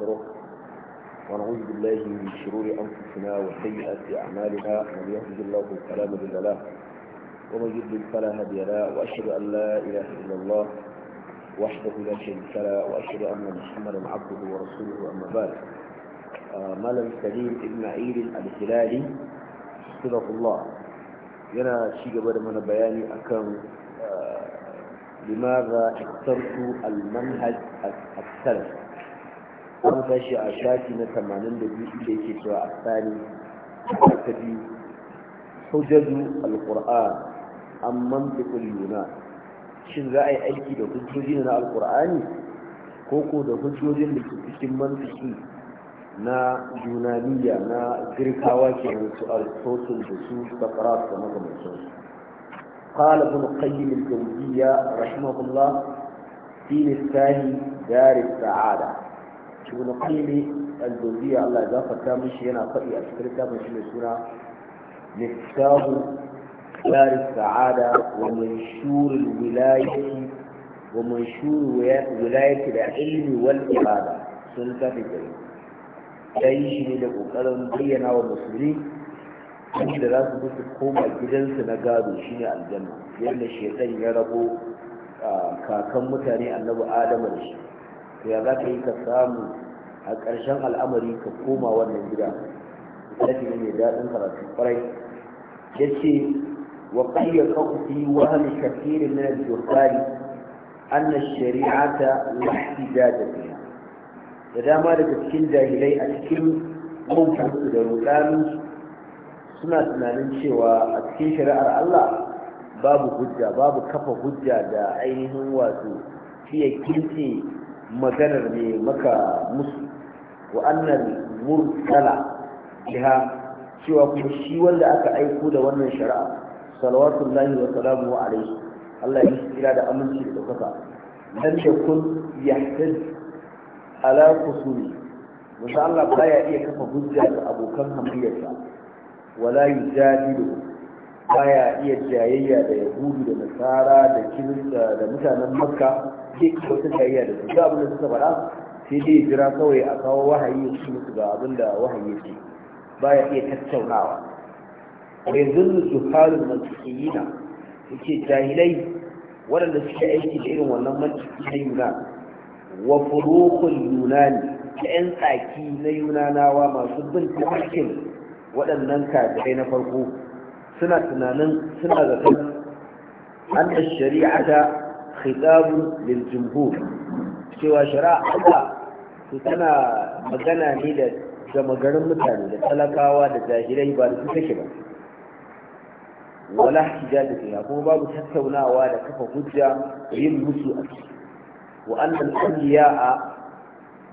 ونستغفره ونعوذ بالله من شرور أنفسنا وسيئات أعمالنا من يهد الله فلا مضل له ومن يضلل فلا هادي له وأشهد أن لا إله إلا الله وحده لا شريك له وأشهد أن محمدا عبده ورسوله أما بعد آه، مالم سليم ابن عيد الهلالي صدق الله yana شيء قبل من mana bayani لماذا اخترت المنهج السلف an tashi a shafi na 82 da yake cewa a tsani ta biyu hujjaju alƙur'an an mantikul yuna shin za a yi aiki da hujjoji na alƙur'ani ko ko da hujjojin da ke cikin mantiki na yunaniya na girkawa ke su aristotle da su sakarat da makamancinsu قال ابن القيم الجوزية رحمه الله في مفتاح دار السعادة ibn qayyim al-jawziyya Allah ya fata mishi yana faɗi a cikin littafin shi mai suna miftahu dar sa'ada wa manshur al-wilayati wa manshur wilayati da ilmi wal ibada sun tafi gari dai shi ne da kokarin bayyana wa musulmi inda za su fi koma gidansu na gado shine aljanna yadda shekan ya rabo ah, kakan mutane annabi adama da shi to ya za ka yi ka samu a ƙarshen al'amari ka koma wannan gida lafi ne mai daɗin karatu ƙwarai ya ce wa ƙayyar ƙaƙufi wahal kafirin na jokari an shari'a ta lafi da fiya da dama daga cikin jahilai a cikin kumfansu da rudaninsu suna tunanin cewa a cikin shari'ar Allah babu hujja babu kafa hujja da ainihin wato fiye kirce maganar ne maka musu wa'annan annal mursala biha cewa kuma shi wanda aka aiko da wannan shari'a salawatullahi wa salamu alaihi Allah ya kira da aminci da dokaka dan da kun yahtad ala kusuri musa Allah ba ya iya kafa hujja ga abokan hamayyarsa wala ba ya iya jayayya da yahudu da nasara da kirista da mutanen makka duk wata jayayya da su abin da suka faɗa sai dai jira kawai a kawo wahayi ya ci musu ga abinda da wahayi ya ce ba ya iya tattaunawa yanzu su halin mantikiyina suke jahilai waɗanda suke aiki da irin wannan mantiki na yuna. wa furukun yunani da 'yan tsaki na yunanawa masu bin tafarkin waɗannan kafirai na farko suna tunanin suna zaton an da shari'ata khitabun lil jumhur cewa shari'a Allah Su tana magana ne da gama garin mutane da talakawa da jahilai ba da su take ba wala hijabi fiha kuma babu tattaunawa da kafa hujja yin musu a ciki wa annal a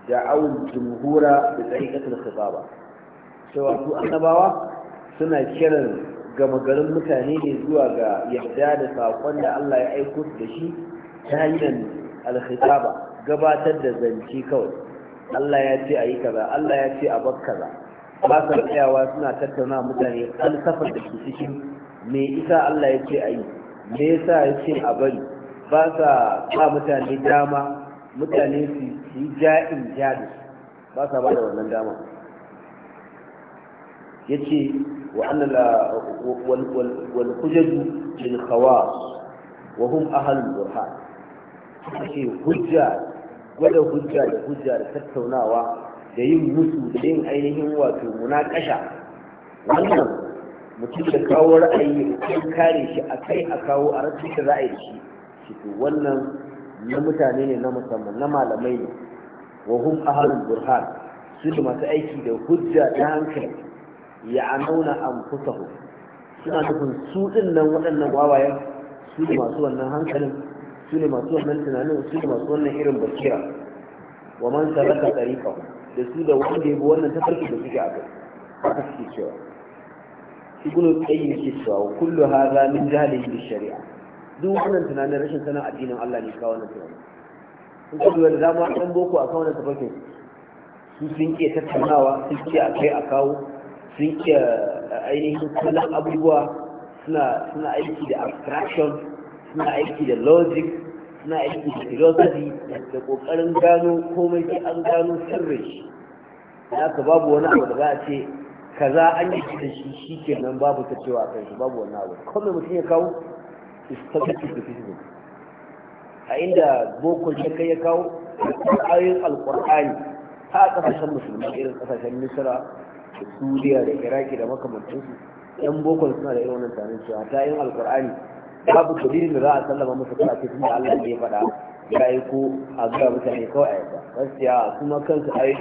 da'awul jumhura bi tariqatil khitaba cewa su annabawa suna kiran gama garin mutane ne zuwa ga yarda da saƙon da Allah ya aiko da shi ta hanyar alkhitaba gabatar da zance kawai Allah ya ce a yi kaza Allah ya ce a bar kaza ba sa tsayawa suna tattauna mutane falsafar da ke cikin me isa Allah ya ce a yi me yasa ya ce a bari ba sa ba mutane dama mutane su yi ja'in jadi ba sa ba da wannan dama ya ce وأن والحجج للخواص وهم أهل البرهان هي hujja. gwada hujja da hujja da tattaunawa da yin musu da yin ainihin wato munakasha wannan mutum da kawo ra'ayi kan kare shi a kai a kawo a rashin da ra'ayi shi shi to wannan na mutane ne na musamman na malamai ne wa hum ahlul burhan su da masu aiki da hujja ta hankali ya anauna anfusahu suna nufin su din nan waɗannan wawayen su da masu wannan hankalin su ne masu wannan tunanin su ne masu wannan irin basira wa man sarrafa tsarika da su da wanda ya bi wannan tafarki da suke a kai haka suke cewa ibnu qayyim ke cewa wa kullu hadha min jahlihi bi shari'a duk wannan tunanin rashin sanin addinin Allah ne kawo wannan tunanin in ka duba da dama dan boko a kawo wannan tafarkin su sun iya tattaunawa sun a kai a kawo sun iya eh, ainihin kallon abubuwa suna aiki da abstraction suna aiki da logic suna aiki da philosophy da kokarin gano komai ke an gano sirri. shi da babu wani abu da za a ce kaza an yi da shi shi ke nan babu ta cewa a shi babu wani abu komai mutum ya kawo is subjective to criticism a inda boko ya kai ya kawo ayoyin alkur'ani ta kasashen musulmi irin kasashen misira da suriya da iraki da makamantansu yan bokon suna da irin wannan tsarin cewa ta yin alkur'ani babu dalilin da za a sallama musu kuma ce tunda Allah ne ya faɗa ya yi ko a zuwa mutane kawai a yadda gaskiya kuma kansu ai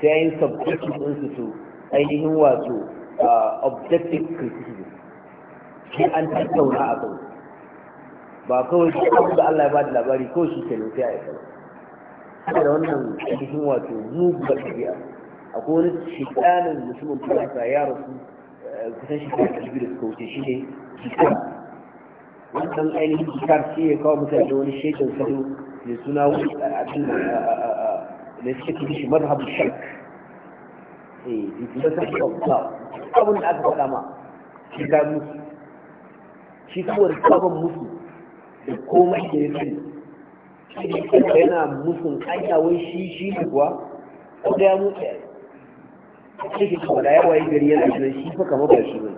sai yayin subjective ɗinsu su ainihin wato objective criticism sai an tattauna a kan ba kawai shi abu da Allah ya bada labari ko shi ke nufi a yadda saboda wannan ainihin wato mugubar ɗabi'a akwai wani shekanin musulmin turasa ya rasu eh, kusan shi ta shekaru da suka wuce shi ne shekara wannan ainihin jikar sai ya kawo mutane da wani shekin sadu mai suna wani abin da suka kiri shi mazhabin shak eh da sa shi abin da aka faɗa ma shi ga musu shi kawai sabon musu da komai da ya sani shi ne kuma yana musu anya wai shi shi ne kuwa ko da ya mutu ya yi shi kuma da yawa yi gari yana shi fa kamar ba shi ne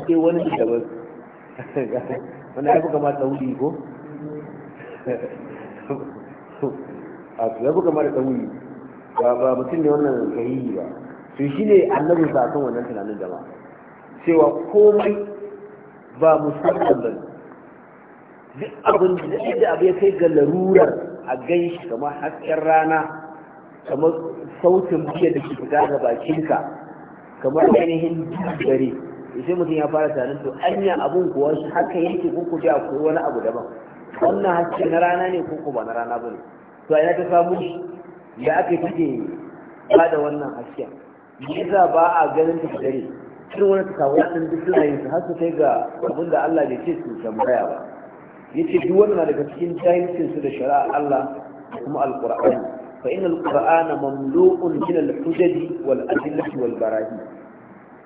sai wani da ba wanda ya buga mata tsauri ko a ya buga mata da tsauri ba mutum ne wannan sahihi ba su shi ne annabin ba kan wannan tunanin jama'a cewa komai ba musamman ba duk abin da yadda abu ya kai ga larurar a gan shi kamar hasken rana kamar sautin biya da ke fita ga bakinka kamar ainihin dare sai mutum ya fara tunanin to anya abun kuwa shi haka yake ko kuje akwai wani abu daban wannan haske na rana ne ko ko ba na rana ba ne to a ina ta samu shi da aka kike ba da wannan hasken yasa ba a ganin ta dare irin wani tasawaya ɗin duk suna yin su har su kai ga abin da Allah bai ce su tambaya ba yace duk wannan daga cikin jahilcin su da shari'a Allah da kuma alqur'ani fa innal qur'ana mamlu'un min al wal adillati wal barahi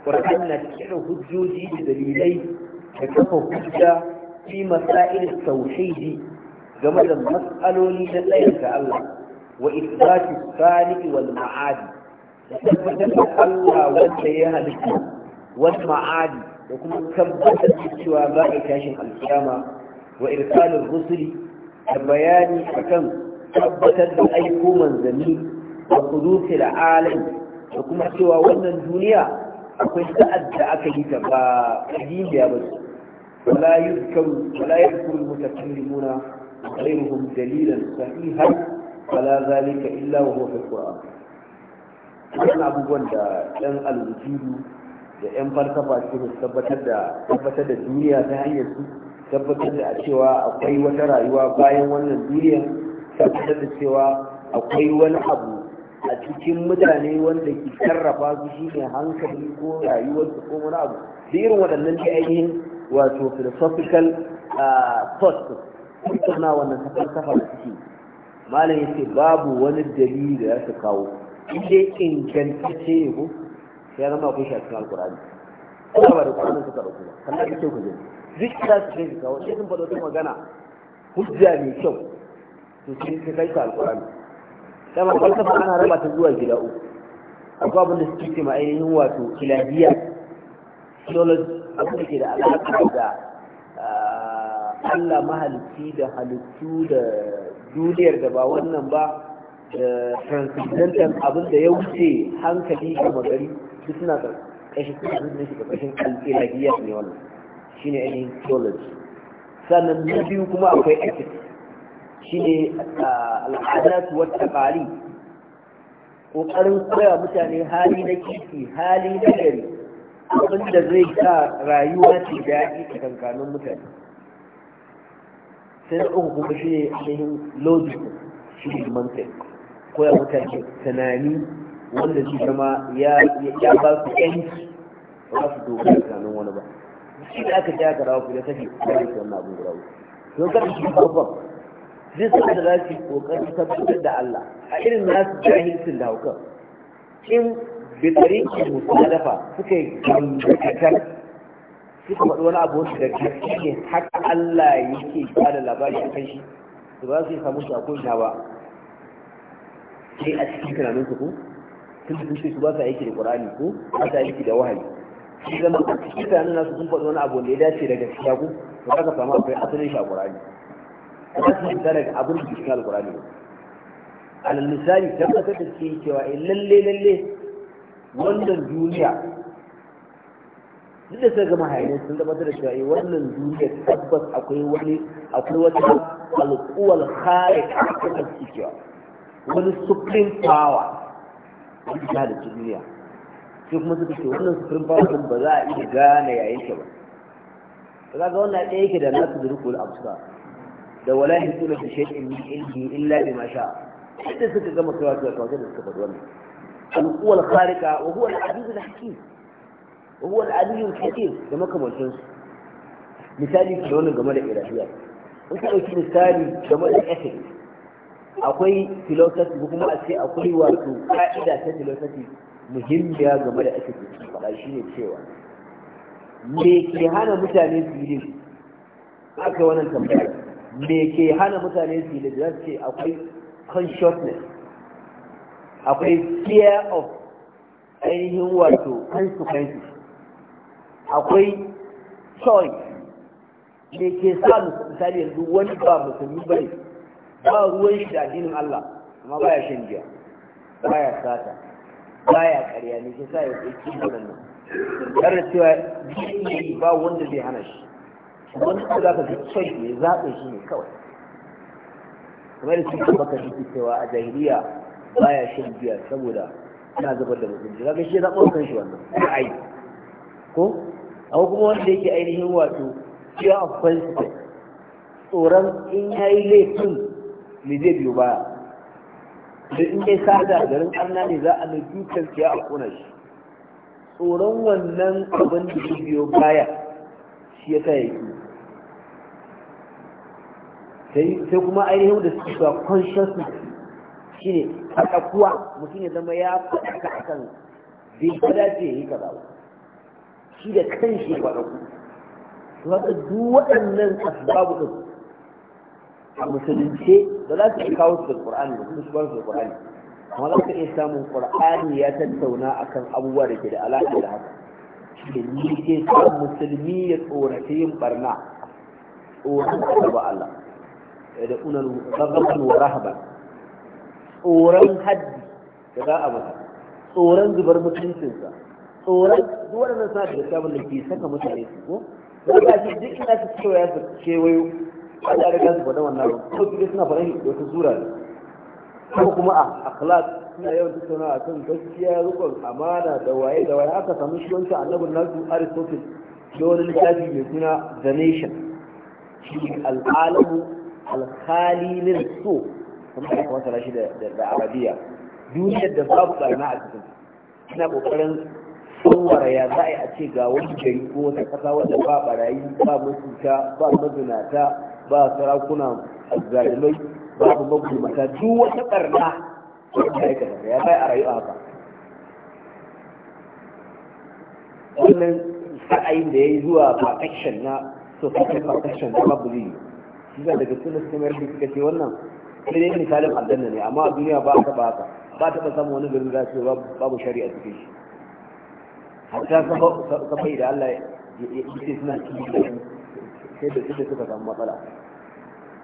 ƙwararren na cikin hujjoji da dalilai da kafa hujja fi masa'il tauhidi game da matsaloli na tsayin ga Allah wa isbati sani wal ma'adi da tabbatar da Allah wanda ya halitta wal ma'adi da kuma tabbatar da cewa za a tashin alkiyama wa irsalin rusuli da bayani akan tabbatar da aiko manzanni wa kudusi da alam da kuma cewa wannan duniya akwai sa'ad da aka yi ta ba kadimiya ba ce wala yuzkaru wala yuzkaru mutakallimuna ghayruhum dalilan har wala zalika illa wa huwa fil wannan abubuwan da ɗan alwujudu da ƴan falsafa su tabbatar tabbatar da duniya ta hanyar su tabbatar da cewa akwai wata rayuwa bayan wannan duniya tabbatar da cewa akwai wani abu cikin mutane wanda ke sarrafa su shi ne hankali ko rayuwarsu ko wani abu da irin waɗannan da ainihin wato philosophical ah, thoughts tattauna wannan ta falsafa da suke malam ya ce babu wani dalili da ya su kawo inda ingantacce ne ko ya zama kun shi a cikin alkurani kuma ba da kwanan suka ɗauko ba kallon da kyau ka gani duk za su kai su kawo sai sun faɗo magana hujja mai kyau to sai ka kai ka alkurani dama falsafa ana raba ta zuwa gida uku akwai abin da suke ce ma ainihin wato kilabiya theology abin da ke da alaƙa da ah, Allah mahalicci da halittu da duniyar da ba wannan ba da transcendental abin da ya wuce hankali da magari duk suna ƙarƙashin kusurin da shi ƙarƙashin alƙilagiyar ne wannan shine ainihin theology sannan na biyu kuma akwai ethics shine ah, al'adat wa taqali kokarin koya mutane hali na kifi hali na gari abinda zai sa rayuwa ce daɗi a kankanin mutane sai na uku kuma shi ne ainihin logic shi ne mantai koya mutane tunani wanda shi zama ya ba su yanki ba su dogara tunanin wani ba shi da aka ja ka rawa kuma sake kare su wannan abin guda uku don kada shi farkon duk su da za su yi kokarin tabbatar da Allah a irin nasu jahilcin da haukan in bitari mutu na dafa suka yi gangatakar suka faɗi wani abu su da gaske ne har Allah yake ba da labari a kan shi su ba su yi samu su a kunsha ba sai a cikin tunanin su ko sun sun ce su ba su aiki da Qur'ani ko ba su aiki da wahayi shi zama a cikin tunanin nasu sun faɗi wani abu da ya dace da gaskiya ko ba za ka samu akwai asalin shi a Qur'ani ba su fita daga abin da cikin alkurani ba alal misali tabbatar da ke cewa in eh, lalle lalle wannan duniya duk da suka gama hayanai sun tabbatar da cewa eh, wannan duniya tabbas akwai wani akwai wata alkuwal kharik a cikin cewa wani supreme power wani ta da duniya sai kuma suka ce wannan supreme power ɗin ba za a iya gane yayin ta ba kaga wannan ɗaya yake da nasu da rukul absar da wala shi bi yi min ilmihi illa ma sha idan suka gama kawai da kawai da suka faɗi wannan al-quwwal khariqa wa huwa al-aziz al-hakim wa huwa al-aliy al-hakim da makamancin misali ke wannan game da irafiya in ka dauki misali game da ethic akwai philosophy ko kuma a ce akwai wato ka'ida ta philosophy muhimmiya game da ethics faɗa ne cewa me ke hana mutane su yi aka wannan tambaya me ke hana mutane su yi da za ce akwai consciousness akwai fear of ainihin wato consequences akwai choice me ke sa misali yanzu wani ba musulmi ba ne ba ruwan shi da addinin Allah amma baya shan giya baya sata baya karya ne ke sa ya tsaye nan tare da cewa ba wanda zai hana shi wani kuma za ka ji son ne zaɓe shi ne kawai kamar da cikin baka shi cewa a jahiliya baya shan biya saboda ana zubar da mutum mutunci kaga shi ya zaɓa kan shi wannan ai ko amma kuma wanda yake ainihin wato fear of consequence tsoron in ya yi laifin me zai biyo baya da in ya sada garin ƙarna ne za a mai dukan siya a kona shi tsoron wannan abin da zai biyo baya shi ya sa ya yi sai kuma ainihin da suke cewa consciousness shine kuwa mutum ya zama ya faɗaka akan bai kada ce yi kaza ba shi da kan shi faɗaku Su haka duk waɗannan asbabu ɗin. a musulunce da za su iya kawo su da Qur'ani da kuma su bar su da Qur'ani amma za ka iya samun Qur'ani ya tattauna a kan abubuwa da ke da alaƙa da haka shi ne ke sa musulmi ya tsorata yin barna tsoron ba Allah da unan rarraban wa rahaba tsoron haddi da za a masa tsoron zubar mutuncinsa tsoron duk nan suna da gaskiya da ke saka mutane su ko da ga shi duk ina su cewa ya su kewayo a da riga su faɗa wannan ba ko duk suna faɗa da wata zura ne ko kuma a akhlaq suna yawan tattauna a kan gaskiya rukun amana da waye da waye aka samu shi wancan annabin nasu aristotle da wani littafi mai suna the nation shi al'alamu alkhali lil su kuma ya kamata shi da arabiya duniyar da babu barna a cikin ina kokarin tsawara ya za a ce ga wani gari ko wata kasa wadda ba barayi ba mutunta ba mazinata ba sarakuna zalimai babu magulmata duk wata barna ya bai a rayu a haka wannan sa'ayin da ya yi zuwa partition na social partition da babu zai suna daga suna suka mayar da suka ce wannan sai dai misalin aljanna ne amma a duniya ba a taɓa haka ba a taɓa samun wani garin za su babu shari'a cikin shi hatta sabai da Allah ya ce suna cikin sai da su da suka samu matsala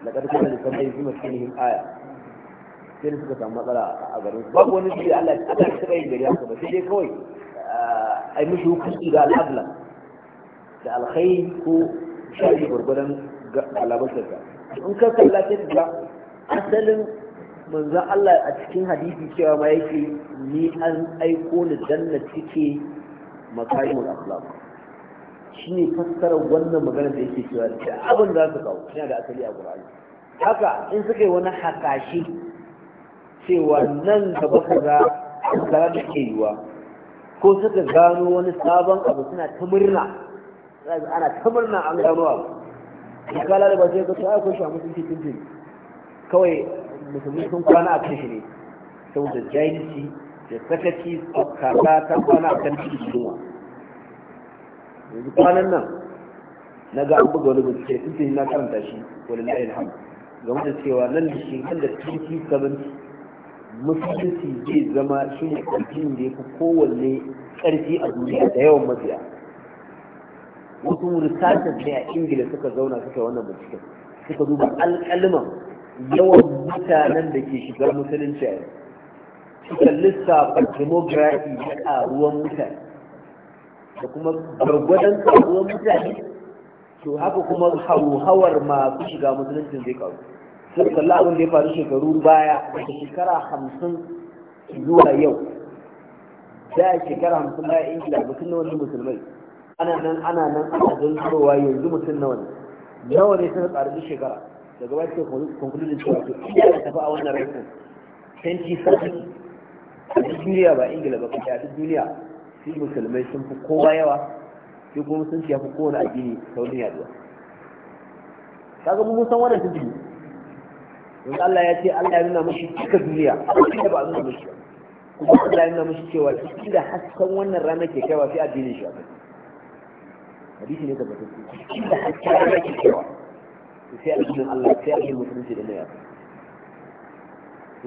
لقد كان لسبعين في مسكنهم آية sai da suka samu matsala a garin su babu wani shi Allah ya ce? taɓa yin gari haka ba sai dai kawai eh, a yi mishi hukunci da al'adla da alkhai ko shari'a gwargwadon galabatar ka in ka kalla sai ga asalin manzo Allah a cikin hadisi cewa ma yake ni an aiko ni danna cike makarimul akhlaq shine fassarar wannan magana da yake cewa da abin za su kawo yana da asali a Qur'ani haka in suka yi wani hakashi cewa nan su kaza kaza da ke yiwa ko suka gano wani sabon abu suna ta murna ana ta murna an gano abu ya kala da ba sai ga ta ko shamu cikin cikin kawai musulmi sun kwana a kashi ne saboda jahilci da sakaci kaka ta kwana a kan cikin yunwa yanzu kwanan nan na ga an buga wani bincike ce na karanta shi na ilham game da cewa nan da shi kan da cikin sabanci musulunci zai zama shi ne ƙarfin da ya fi kowanne ƙarfi a duniya da yawan mabiya wasu researchers ne a ingila suka zauna suka wannan binciken suka duba alƙalman yawan mutanen da ke shigar musulunci a suka lissafa demography da ƙaruwan mutane da kuma gargwadon ƙaruwan mutane to haka kuma hauhawar masu shiga musulunci zai ƙaru sai kalla abin da ya faru shekaru baya daga shekara hamsin zuwa yau da shekara hamsin baya ingila mutum na wani musulmai ana nan ana nan ana zantarowa yanzu mutum nawa ne nawa ne sun tsari duk shekara daga ba ce konkludin cewa to iya da tafi a wannan rikin senti sati a duk duniya ba ingila ba kuma a duk duniya shi musulmai sun fi kowa yawa sai kuma sun ci yafi kowane addini saurin yaduwa kaga mun san wannan tuntuni don Allah ya ce Allah ya nuna mashi cika duniya inda ba a nuna mashi kuma Allah ya nuna mashi cewa cikin da hasken wannan rana ke kaiwa sai addinin shi a kai hadisi ne daga tafi inda hakka ya ke cewa sai addinin Allah sai addinin musulunci da ya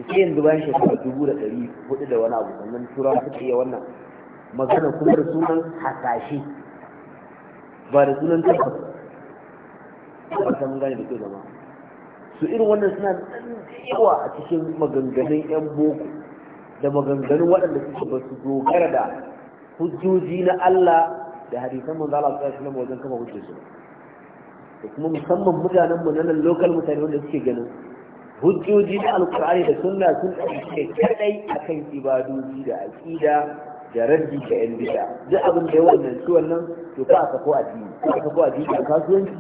sai yanzu bayan shekara dubu da ɗari hudu da wani abu sannan turawa suka iya wannan magana kuma da sunan hasashe ba da sunan tabbas ba ta mun gane da ke zama su irin wannan suna nan yawa a cikin maganganun yan boko da maganganun waɗanda suke ba su dogara da hujjoji na Allah da hadisan manzo Allah sallallahu alaihi wasallam wajen kafa hujjar su da kuma musamman mutanen mu na nan local mutane wanda suke ganin hujjoji da alkur'ani da sunna sun ɗauke kadai akan ibadoji da aqida da raddi da yan bid'a duk abin da ya wannan su wannan to ka aka ko addini ka aka ko addini a kasuwanci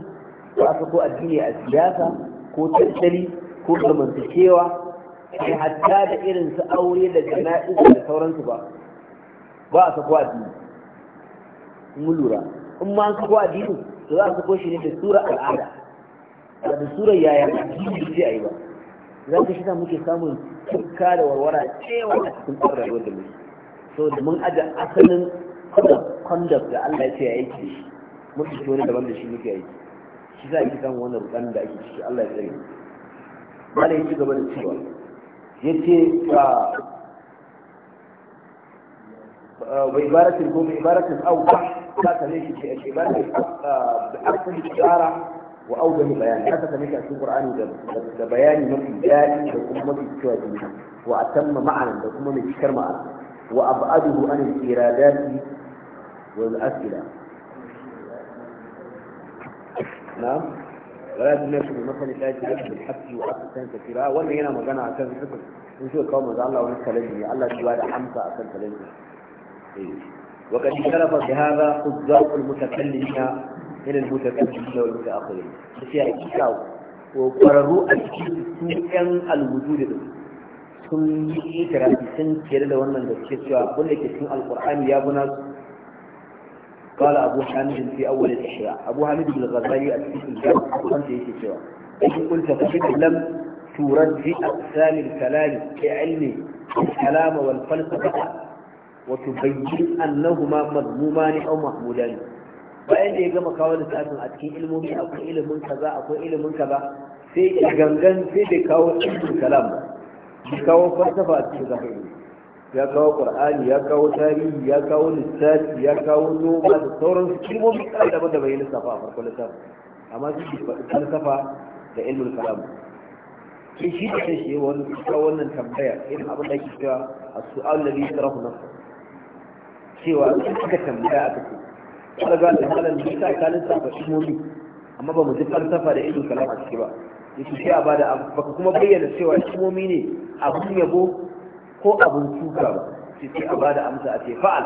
ko aka ko addini a siyasa ko tattali ko zamantakewa kai hatta da irin su aure da jana'iza da sauransu ba ba a sako addini mu lura in ma an kawo addini to za a kawo shi ne da sura al'ada da da sura yaya addini ce a yi ba za ka shi muke samun tukka da warwara cewa a cikin tsarin rayuwar da muke so da mun aje asalin kwandaf da Allah ya ce ya yi shi mun ci wani daban da shi muke yi shi za a yi samun wannan rukan da ake ciki Allah ya tsare mu malai ya ci gaba da cewa ka آه، وعبارة الجوم عبارة أوضح ثلاثة ليش عبارة بأحسن آه، إشارة وأوضح بيان حتى ليش في القرآن بيان ما في لكم وما في شوية وأتم معنا لكم في كر معنى وأبعده عن الإرادات والأسئلة نعم ولازم نشوف مثلا الآية بالحق وأحسن كثيرة وأنا هنا مجانا عشان نشوف نشوف قوم الله ونسأل الله الله يبارك حمزة عشان كلامه وقد اختلف في هذا قدر المتكلمين من المتكلمين والمتاخرين في الكتاب وقرروا ان الوجود sun yi itirafi sun kere da wannan da suke cewa wanda ke cikin alkur'ani ya buna kala abu hamidin fi awwal al-ishra abu hamidin bil ghazali a cikin ilmiya kan da yake cewa in kun ta fi lam turaddi aqsal al-kalam fi ilmi al-kalam wal falsafa وتبين أنهما مضمومان أو محمودان bayan da ya gama kawo lissafin a cikin ilmomi akwai ilimin kaza akwai ilimin kaza sai ya gangan sai bai kawo ilimin kalam ba kawo falsafa a cikin zafi ya kawo qur'ani ya kawo tarihi ya kawo lissafi ya kawo noma da sauran su ilmomi kala daban da bai lissafa a farkon lissafi amma su ke faɗi falsafa da ilmin kalam sai shi da shi wannan kawo wannan tambaya irin abin da ake cewa a sual ladhi yasrafu nafsahu cewa aka tambaya aka ce kuma ga da malam ne ta kalin sa fasimomi amma ba mu ji falsafa da ido a ciki ba yake sai a bada baka kuma bayyana cewa fasimomi ne abun yabo ko abun tuka ba sai a bada amsa a ce fa'al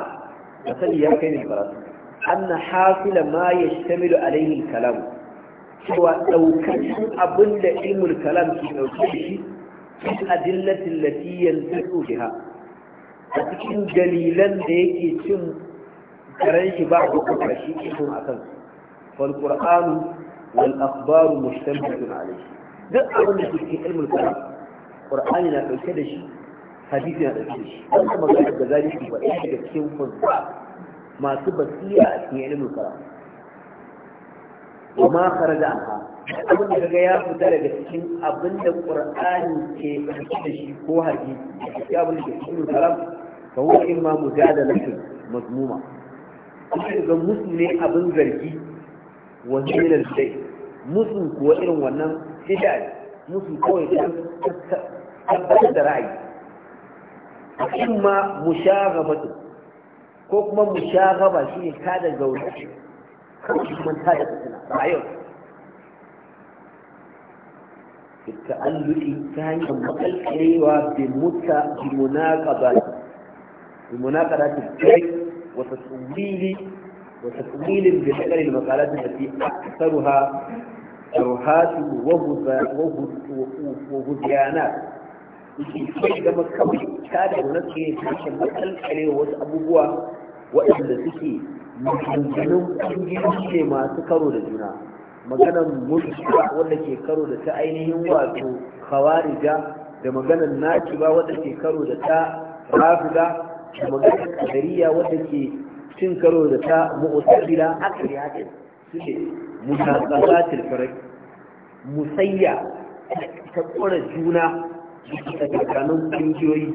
asali ya kai ne karatu anna hasila ma yashtamilu alaihi al-kalam cewa daukacin abin da ilmul kalam ke dauke da shi في lafiyar التي ينتفع بها a cikin dalilan da yake cin karen shi ba a kuka shi cikin a kan wal qur'anu wal akhbaru mustamilun alayhi duk abin da ke ilmul kalam Ƙur'ani na ɗauke da shi hadisi na ɗauke da shi wannan ga da su ba ɗaya daga cikin funsa masu basira a cikin ilmul kalam wa ma da anha abin da kaga ya fita daga cikin abin da ƙur'ani ke da shi ko hadisi ya abin da ke cikin kalam fa huwa da mujadalatu mazmuma kuma ga musu ne abin zargi wani hilal sai musu kuwa irin wannan shida ne musu kawai ta tabbatar da ra'ayi a imma musharabatu ko kuma musharaba shine ka da gauri kawai kuma ta da fitina ra'ayin التألق كان مقلقي وبمناقبة بمناقضة الشيء وتطويل وتطويل بشكل المقالات التي أكثرها شرهات وهديانات yake kai gama kawai ta da gwamnati ne ta ce matsalkale wasu abubuwa waɗanda suke maganganun ƙungiyoyi ne masu karo da juna maganan murtala wanda ke karo da ta ainihin wato kawarija da maganan naciba wanda ke karo da ta rafiga da maganar dariya wadda ke cin karo da ta mu'tazila akali haka su ne mutaqabatil farq musayya ta kora juna da tsakanin kungiyoyi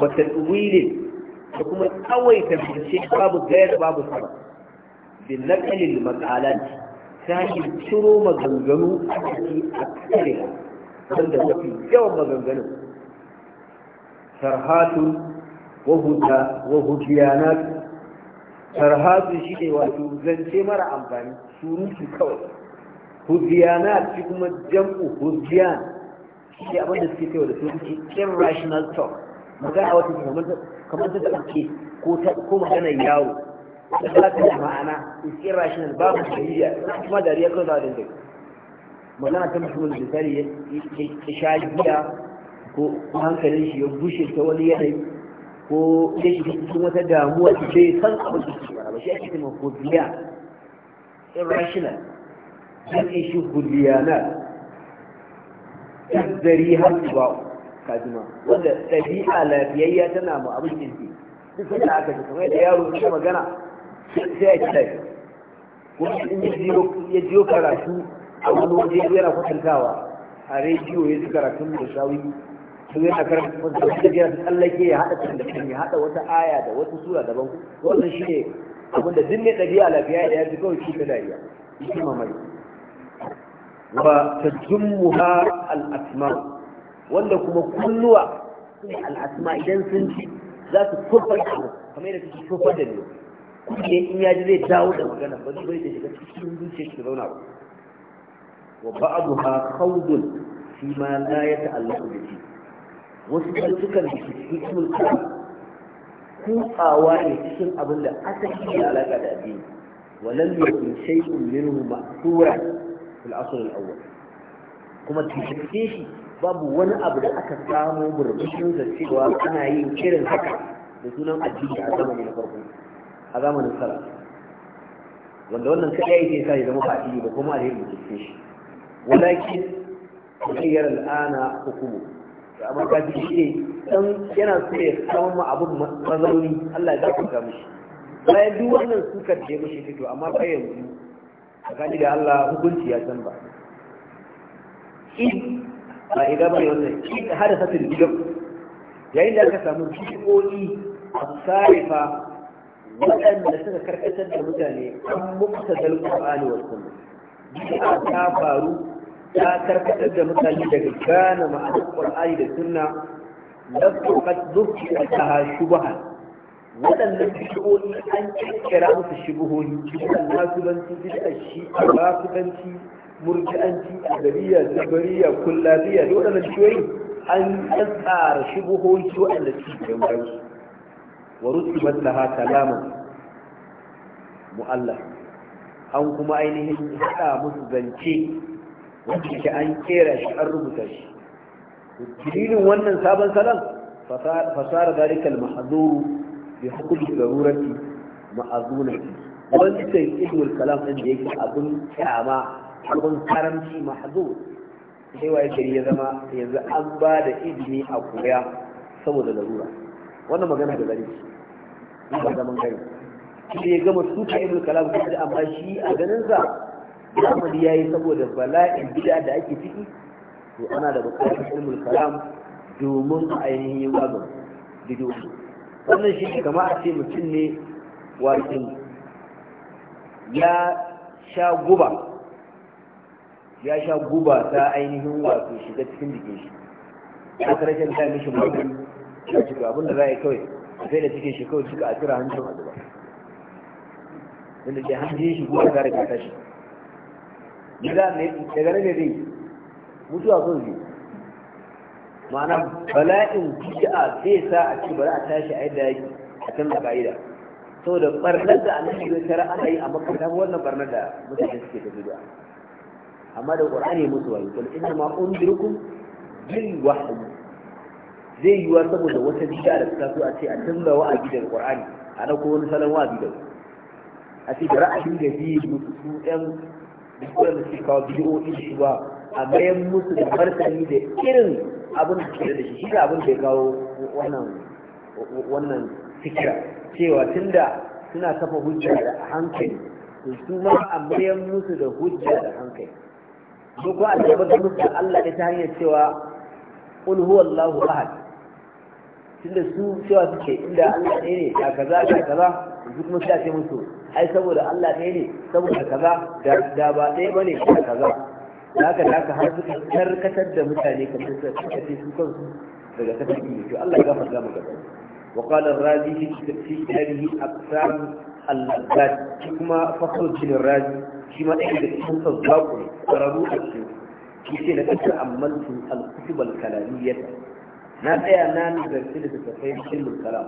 wa tadwilin da kuma tsawaita bincike babu gayar babu sama bin naqalil maqalat ta hanyar ciro maganganu a ciki a kare wanda mafi yawan maganganun sarhatun wahudiyanat tarhazu shi ne wato zance mara amfani surutu kawai hudiyanat shi kuma jam'u hujiyan shi abinda suke cewa da surutu irrational talk magana wata kamar ta ɗauke ko magana yawo ta ba ta da ma'ana is irrational babu shari'a kuma dariya kawai za a dinga magana ta mutumin da tsari ya shagiya ko hankalin shi ya bushe ta wani yanayi ko ya shiga cikin wata damuwa da bai san abin da ke ba shi ake cewa huliya irrational dan ishi huliyana tazzari har ba kajima wanda ɗabi'a lafiyayya tana ma abin ke duk da aka ji kamar da yaro ya magana sai ya kiɗa ko in ya jiyo karatu a wani waje yana kwatantawa a rediyo ya ji karatun da shawi duk yana karanta wanda wata su tsallake ya haɗa cikin da kan ya haɗa wata aya da wata sura daban wannan shi ne abin da duk ne ɗabi'a lafiya da ya fi kawai shi ta dariya shi mamari wa tajummuha al-asma wanda kuma kulluwa al-asma idan sun ci za su kofar da mu kamar yadda suke kofar da mu kuma in ya ji zai dawo da magana ba zai bari da shiga cikin zuciya shi zauna ba wa ba'aduha khawdun fi ma la yata'allaqu bihi wasu cutukan da ke cikin kutsawa ne cikin abin da aka yi da alaƙa da addini walam yakun shay'un minhu ma'thura fil asl al-awwal kuma cikin shi babu wani abu da aka samu burbushin da cewa ana yin kirin haka da sunan addini a zamani na farko a zamanin sara wanda wannan kaɗai yake sa ya zama fa'ili da kuma alheri da cikin shi walakin kusayyar al'ana hukumu amma ka ji shi dan yana so ya samu ma abun mazauni Allah ya gafarta mishi bayan duk wannan sukar da ya mishi fito amma fa yanzu tsakani da Allah hukunci ya san ba in ba idan ba yanzu in hada satin gidan yayin da aka samu jikoli a sarifa waɗanda suka karkatar da mutane an mukta dalƙur'ani wasu ne ta faru ta karkatar da mutane daga gane ma'anar qur'ani da sunna lafzu qad dhukki ataha shubaha waɗannan shi'o'i an kirkira musu shubuhohi shi'an nasubanci bid'a a rafidanci murji'anci adabiyya zabariya kullabiyya da waɗannan shi'o'i an tsara shubuhohi waɗanda suke da wuransu wa rutubat laha kalaman mu'allaf an kuma ainihin haɗa musu zance wanda yake an kera shi an rubuta shi dalilin wannan sabon salon fasara zalika al-mahdhuru bi hukmi darurati ma'azunati wanda ke ilmul kalam ɗin da yake abun kyama abun karamci mahzur sai waye gari ya zama yanzu an ba da izini a koya saboda larura wannan magana da gari ba zaman gari shi ya gama suka ilmul kalam kuma amma shi a ganin sa zamani ya yi saboda bala'in bida da ake ciki to ana da bukatar ilmul kalam domin ainihin yi gaba bidiyoyi wannan shi kama a ce mutum ne wato ya sha guba ya sha guba ta ainihin wato shiga cikin jikin shi ya rashin ta mishi mutum ya cika abin da za a yi kawai a sai da cikin shi kawai cika a cira hancin a zuba wanda ke hanjin shi guba ta riga ta shi gida ne daga nan ne zai a sun zai ma'ana bala'in bid'a zai sa a ce bari a tashi a yadda yake a can da ka'ida da barnar da annabi zai tara ana yi a makaranta wannan barnar da mutane suke ta bid'a amma da qur'ani musu wayi kul inna ma undirukum bil wahyi zai yiwa saboda wata bid'a da ta so a ce a tunda wa'azi da qur'ani a ko wani salon wa'azi da a ce bari a dinga bi musu su ɗan da su kawo bidiyo'i da shi ba a bayan musu da martani da irin abin da ke da shi shi abin da ya kawo wannan wannan fikira cewa tunda suna kafa hujja da hankali su ma a bayan musu da hujja da hankali ko ko a tabbatar musu da Allah ya ta hanyar cewa qul huwallahu ahad tunda su cewa suke inda Allah ne ne ya kaza ka kaza su kuma sai a ce musu ai saboda Allah ɗaya ne saboda kaza da ba ɗaya ba ne da kaza da haka da haka har suka karkatar da mutane kamar su suka ce su kansu daga tafarki ne to Allah ya gafarta mu gaba وقال الرازي في كتابه أقسام اللذات كما فصل الدين الرازي shi أحد الشمس الضاقل قرروا الشيء كيف تأملت الكتب الكلامية na tsaya na nazarci da tafai ilmin kalam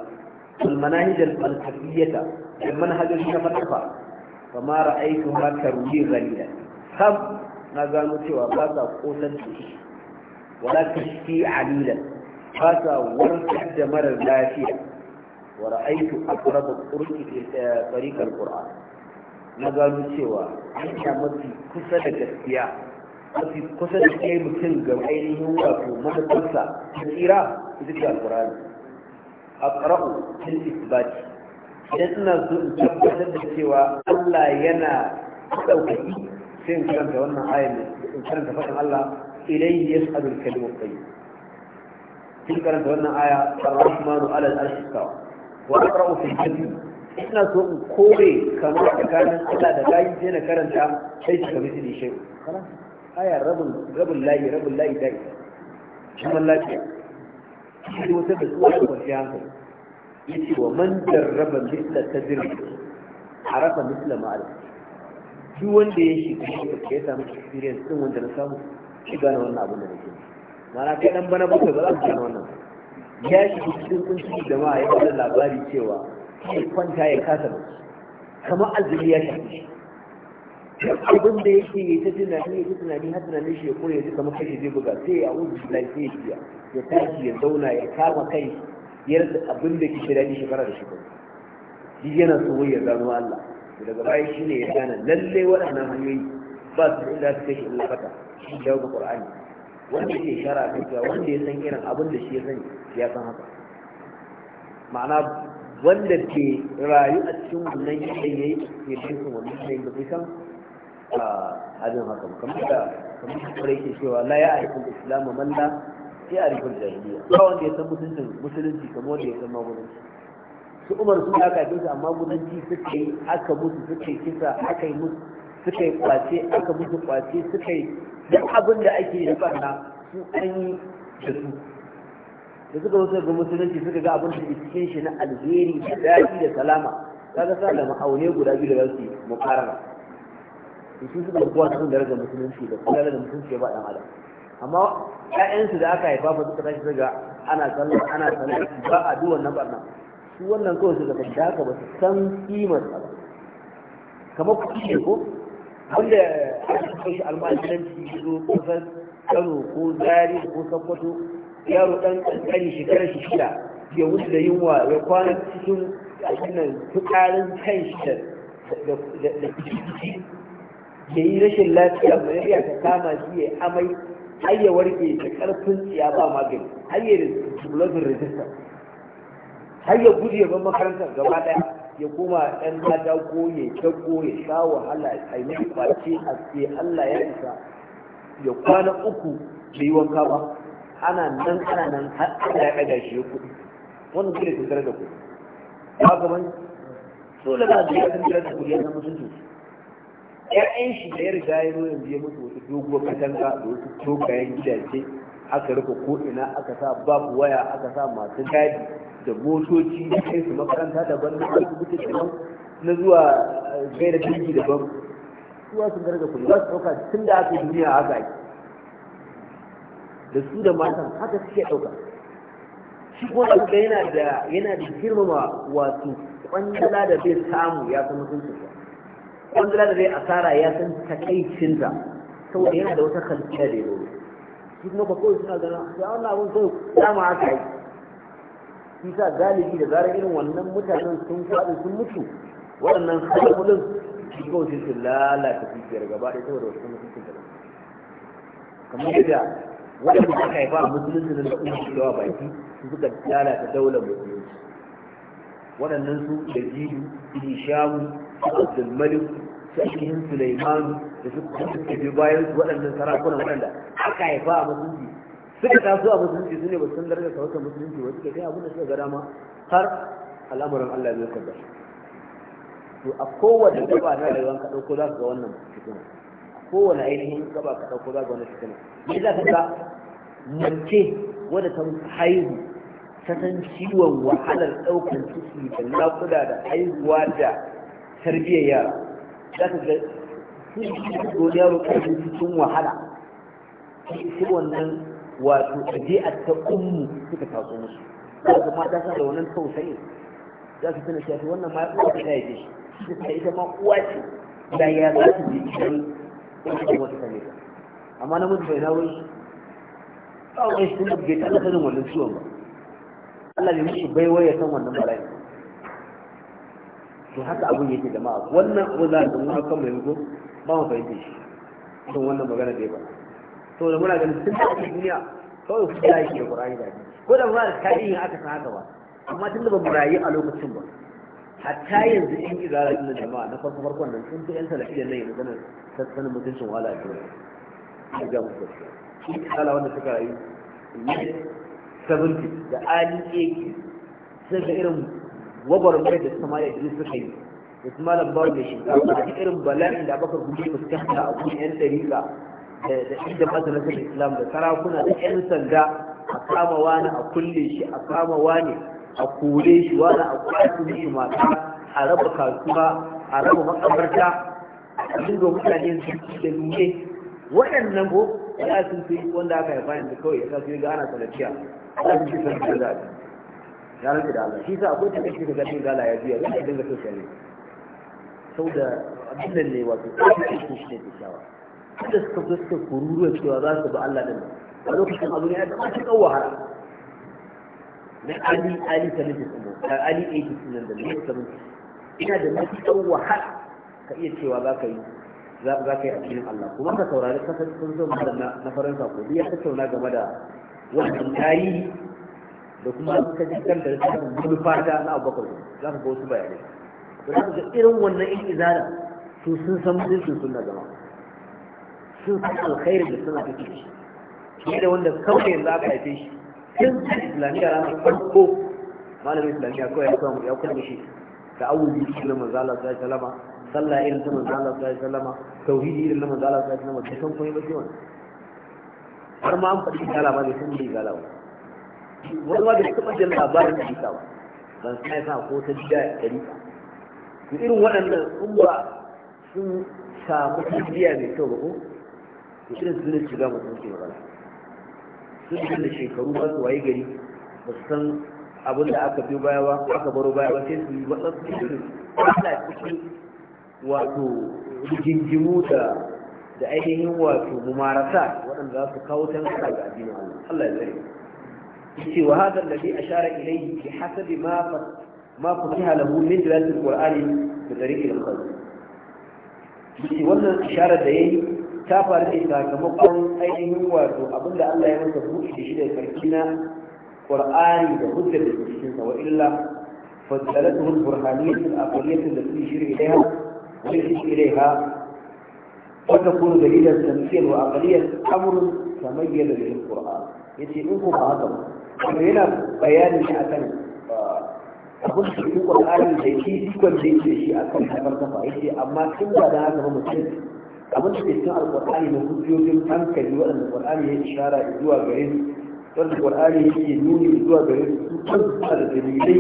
المناهج الفلسفية المنهج الفلسفة فما رأيتها كروي غليلا خم نقالوا سوى باسا قوسا ولا تشفي عليلا باسا ورسع دمر اللافية ورأيت أقرب الطرق طريق القرآن نقالوا سوى أنت مطي كسد كسيا مطي كسد كي مسلم عينه وفي مدى تنسى تسيرا تسيرا القرآن aqra'u fil isbat idan ina so in tabbatar da cewa Allah yana daukaki sai in karanta wannan ayan in karanta fadin Allah ilayhi yas'alu al-kalimu tayyib sai karanta wannan aya ar-rahmanu 'ala al-arshi istawa wa aqra'u fil jannati ina so in kore kamar tsakanin Allah da bayi sai na karanta sai ka bi shi shay'u aya rabul rabul lahi rabul lahi dai kuma lafiya shi wata da suwa da kwanciya haka. ya ce wa man jarraba misla ta jirgi a rafa misla ma'ala duk wanda ya shiga shi ya samu experience din wanda na samu shi gane wannan abin da nake mana kai dan bana baka ba za ka gane wannan ya shiga cikin kunci jama'a ya bada labari cewa shi kwanta ya kasa ba kamar azumi ya shafi shi abin da yake yi ta tunani ya ta tunani har tunanin shi ya kure ya kamar kashi zai buga sai ya wuce lafiya ya tashi ya zauna ya kama kai ya rasa abin da ke shirya ni shekara da shekara shi yana so ya gano Allah daga baya shi ne ya gane lalle waɗannan hanyoyi ba su inda su kai shi Allah fata shi ya ga Qur'ani wanda ke shara kan cewa wanda ya san irin abin da shi ya sani ya san haka ma'ana wanda ke rayu a cikin wannan yanayi ya bi su wannan yanayi ba san abin haka kamar da kamar yake cewa la ya arifin islamu man la ya arifin jahiliya ba wanda ya san mutuncin musulunci kamar wanda ya san magudanci su umar sun haka kisa amma gudanci suka yi aka mutu suka yi kisa aka yi mutu suka yi kwace aka mutu kwace suka yi duk abin da ake yi na su an yi da su da suka wasu ga musulunci suka ga abin da cikin shi na alheri da daɗi da salama kaga sa da ma'aune guda biyu da za su yi mukarara shi su suka kuwa sun darajar musulunci da kula da musulunci ba dan adam amma ƴaƴansu da aka haifa ba suka tashi daga ana sallah ana sallah ba a duwan nan barna su wannan kawai su tashi haka ba su san kimar ba kamar kuɗi ne ko wanda aka kai shi almajiranci ya zo san kano ko zari ko sabbato, yaro ɗan ƙanƙani shekarar shi shida ya wuce da yunwa ya kwana cikin a nan fitsarin kan shi da ke yi rashin lafiya malaria ta kama shi ya amai har ya warke da karfin tsiya ba magani har ya tubulosin rajista har ya gudu ya bar makarantar gaba daya ya koma ɗan mata ko ya shago ya sha wahala a yi kwace a ce Allah ya isa ya kwana uku bai wanka ba ana nan ana nan har Allah ya ɗaga shi ya kuɗi wannan shi ya tattare da kuɗi ba kaman so da za a ya tattare da kuɗi ya zama sun tutu ƴaƴan shi da ya riga ya zo yanzu ya mutu wata doguwar katanga da wasu tokayen gidaje aka rufe ko'ina aka sa babu waya aka sa masu gadi da motoci da kai su makaranta daban na asibiti daban na zuwa eh, gaida dangi daban suwa sun garga kuɗi za su ɗauka tun da aka duniya haka yi da su da matan haka suke ɗauka shi ko da yana da yana da girmama wato kwanjala da bai samu ya san mutunci wanzula da zai asara ya san takaicinta saboda yana da wata kalfiya da yau shi kuma ba kawai suna gana ya wannan abin kawai dama aka yi shi sa galibi da zarar irin wannan mutanen sun faɗi sun mutu waɗannan kalmulin shi kawai sai su lalata dukiyar gaba ɗaya saboda wasu mutuncin da kamar yadda waɗanda aka haifa a musulunci da kuma cewa baki su suka lalata daular musulunci waɗannan su da jidu, shamu, abdul malik su ainihin Sulaiman da suka bi bayan su waɗannan sarakunan waɗanda aka haifa a musulunci suka taso a musulunci su ne ba sun daraja sautar musulunci ba suka kai abin da suka ga dama har al'amuran Allah ya zaka da to a kowace gaba na rayuwar ka ɗauko za ka ga wannan fitina a kowane ainihin gaba ka ɗauko za ka ga wannan fitina me za ka ga mace wadda ta haihu ta san ciwon wahalar ɗaukar ciki da naƙuda da haihuwa da tarbiyyar yara za ka ga sun godiya wa ƙarfi cikin wahala sai wannan wato ɗabi'ar ta ummu suka taso musu kuma mata suna da wannan tausayi za su tana cewa wannan ma ya ta yake shi suka ita ma uwa ce da ya za su ji idan wata kuma ta same ta amma namiji bai dawo shi kawai sun ne bai taɓa sanin wannan ciwon ba Allah bai mishi baiwa ya san wannan bala'i to haka abin yake jama'a wannan wanda da a ga mun kan yanzu ba mu fahimta shi to wannan magana da ba to da muna ganin tun da ake duniya kawai ku da shi da Qur'ani da ko da ba tarihin aka san haka ba amma tun da ba mu rayu a lokacin ba hatta yanzu in zara din jama'a na farko farkon nan sun fi yan talafiyan nan yanzu nan sassanin mutuncin wala a duniya ya ga musu shi kala wanda suka rayu 70 da ali 80 sai ga irin gwagwarmar da suka mala idris suka yi da su malam bawa mai shi a irin bala'in da abakar guje fuskanta a kuma yan dariƙa da inda masarautar islam da sarakuna da yan sanda a kama wani a kulle shi a kama wani a kore shi wani a kwashe mishi mata a raba kasuwa a raba makabarta a dinga mutane su da nuye waɗannan ko ya sun fi wanda aka haifa da kawai ya kasu ya ga ana salafiya sun fi san da zaɓi ya rage da Allah shi sa akwai ta kashi ga gafin gala ya biya zai dinga so sai sau da abin ne wato kashi shi shi ne kyakkyawa kada suka zo suka kururuwa cewa za su bi Allah din a lokacin abu ne da mace kan wahala na ali ali talibis ɗin eh, ali 80 nan da ne 70 ina da mace kan har ka iya cewa za ka yi za ka yi a cikin Allah kuma ka saurari kasar sun zo na faransa ko ya tattauna game da wannan tarihi da kuma an ka ji kanta da samun gudu fata na abubakar za ka ga wasu bayanai to za ka ga irin wannan in izara to sun san mutuncin sunna zama sun san alkhairin da suna take shi shi da wanda kawai yanzu aka haife shi sun da islamiyya ranar farko malamin islamiyya kawai ya kawai ya kulle shi da awuzi shi na manzo Allah sallallahu alaihi wasallam sallah irin ta manzo Allah sallallahu alaihi wasallam tauhidi irin na manzo Allah sallallahu alaihi wasallam da san komai ba shi wannan har ma an faɗi galaba ne sun yi galaba wani ma bai taɓa jin labarin da bisa ba ban sai sa ko ta jiya ɗari ba to irin waɗannan sun ba sun samu tarbiyya mai kyau ba ko to irin su ne shiga mutum ke ba. sun yi da shekaru ba su waye gari ba su san abin da aka biyo baya ba aka baro baya ba sai su yi matsan cikin ana cikin wato rigingimu da da ainihin wato mumarasa waɗanda za su kawo tansa ga addinin Allah Allah ya tsare yace wa hadha alladhi ashara ilayhi bi ma ma futiha lahu min dilal alqur'ani bi tariqi al yace wannan isharar da yayi ta faru ne sakamakon ainihin wato abinda Allah ya masa buɗe da shi da karfi na qur'ani da hujjar da cikin sa wa illa فدلته البرهانية الأقلية التي يشير إليها ويشير إليها وتكون دليلا سمسيا وأقليا أمر تميز به القرآن يتي منكم هذا wanda yana bayani shi akan ah, abin da shi ƙwararri da shi dukkan da yake shi akan haifar kafa yake amma tun ba da haka ba mutum abin da ke cikin alƙur'ani na hujjojin hankali waɗanda ƙwararri ya ishara zuwa gare su wanda ya yake nuni zuwa gare su kansu da dalilai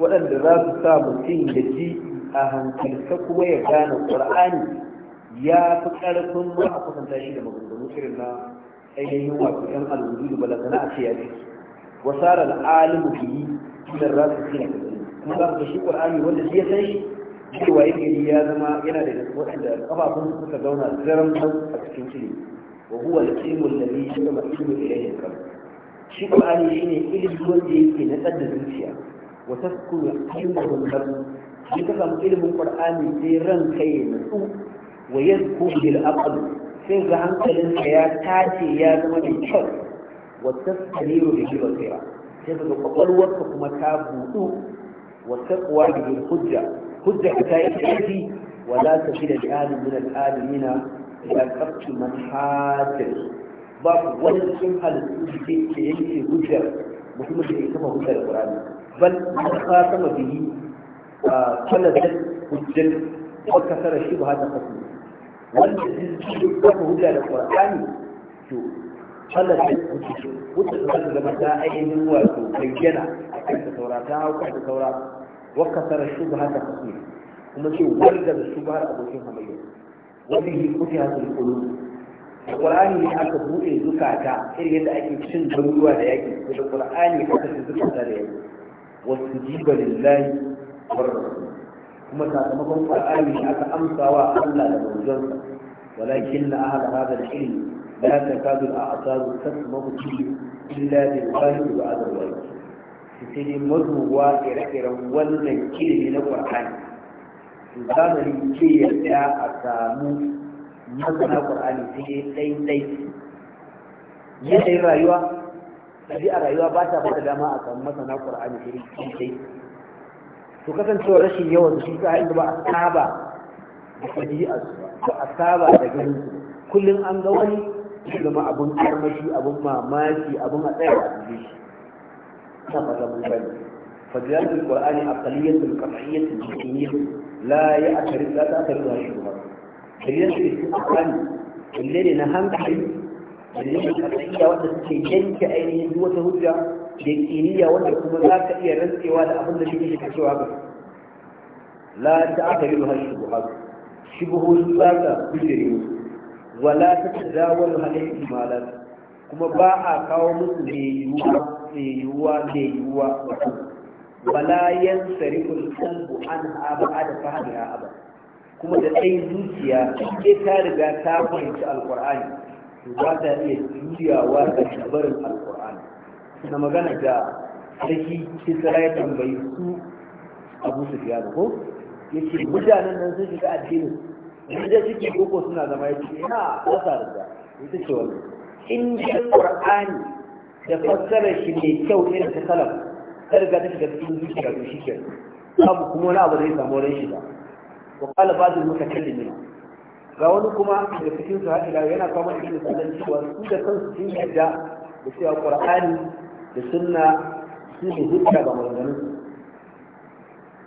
waɗanda za su sa mutum ya ji a hankalta kuma ya gane ƙwararri ya fi ƙarfin ma a kusanta shi da maganganu irin na ainihin wato 'yan alwudu da balagana a ce ya fi وصار العالم فيه في الراس في نفسه نظر في شيء قرآني هو الذي يسعي في وعيد يلي يازم إلى واحدة أبا أكون سكتك دونا زرم أو أكسين سلي وهو الإلم الذي يجب ما إلم إليه الكرم شيء قرآني يعني إلم هو الذي يتقد الزنسية وتذكر علمه الرب يتقم إلم القرآن يقول زرم كي نسو ويذكر بالأقل سيغان كلمة يا تاتي يا زمان الكرم واتقوا الله لجيب الخيرة حفظ القطل واتق متابعه واتقوا به الخجة خجة حتائج حتي ولا تفيد الآن من الآن من الأفق من حاتر باب والسمحة لتجيب في خجة محمد يسمى خجة القرآن بل خاتم به فلد آه، خجة وكثر الشبهات القسم والذي يجيب خجة القرآن شو wannan da su ciki wuce su zaka zama ta ainihin wato bayyana a kan ta saura ta hau kan ta saura wakasar shubha ta kasu kuma ce warda da shubha da abokin hamayya wani hikuti hasil kulu Qur'ani ne aka buɗe zukata irin yadda ake cin garuruwa da yaƙi da Qur'ani aka ci zukata da yaƙi wasu jiba lillahi war kuma sakamakon Qur'ani ne aka amsa amsawa Allah da manzonsa walakin na ahla hada ilmi لا تكاد الأعصاب تسمم فيه إلا بالواحد بعد الواحد sai mazuwa wa'ire-iren wannan ilimi na ƙwarƙani zamanin ke yarda a samu masana ƙwarƙani sai dai ɗaiɗai yanayin rayuwa a rayuwa ba ta bada dama a samu masana ƙwarƙani sai dai ɗaiɗai to kasancewar rashin yawan su ta ba a saba da ɗabi'arsu ba a kullum an ga wani zai zama abin karmashi abin mamaki abin a tsaya a cikin shi ina fata mun gani fadilatul qur'ani aqliyatul qat'iyyatul jinniyyah la ya'tarif la ta'tarif wa shubha dalilatul qur'ani dalilai na hankali dalilai na qat'iyya wanda suke yanke ainihin duk wata hujja da kiniya wanda kuma za ka iya rantsewa da abin da shi ke cewa ba la ta'tarif wa shubha shubuhohi ba ka kujere musu wala ta tazawar halittu malar kuma ba a kawo musu mai yiwuwa mai wala yan sarifin kalbu an haɓa a da fahimta haɓa kuma da ɗai zuciya ke ta riga ta fahimci alƙur'ani to za ta iya juyawa da shabarin alƙur'ani na magana da sarki kisra ta tambayi su abu su fiya da ko yake mutanen nan sun shiga addinin da suke koko suna zama ya ce ina wasa da ita ce wani in ji qur'ani da fassara shi ne kyau irin ta salaf kar ga ta shiga cikin zuciya to shi ke abu kuma wani abu zai samu wurin shi ba ba qala ba'd kalli ne. ga wani kuma da cikin su haɗe yana kama da irin sallan cewa su da kansu sun yadda da cewa qur'ani da sunna su ne hujja ga maganganun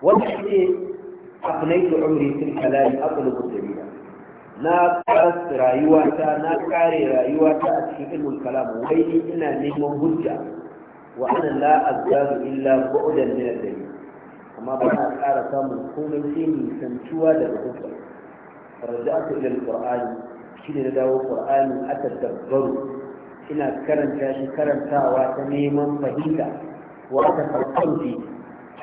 wannan shi ne أقنيت عمري في الحلال أطلب الدليل na karas rayuwata na kare rayuwata a cikin ilmul kalam wai ni ina neman hujja wa ana la azzadu illa bu'dan min ad amma ba na ƙara samun komai sai ni santuwa daga hujja farja'atu ila al-qur'an da dawo qur'ani atadabbaru ina karanta shi karantawa ta neman fahimta wa atafakkaru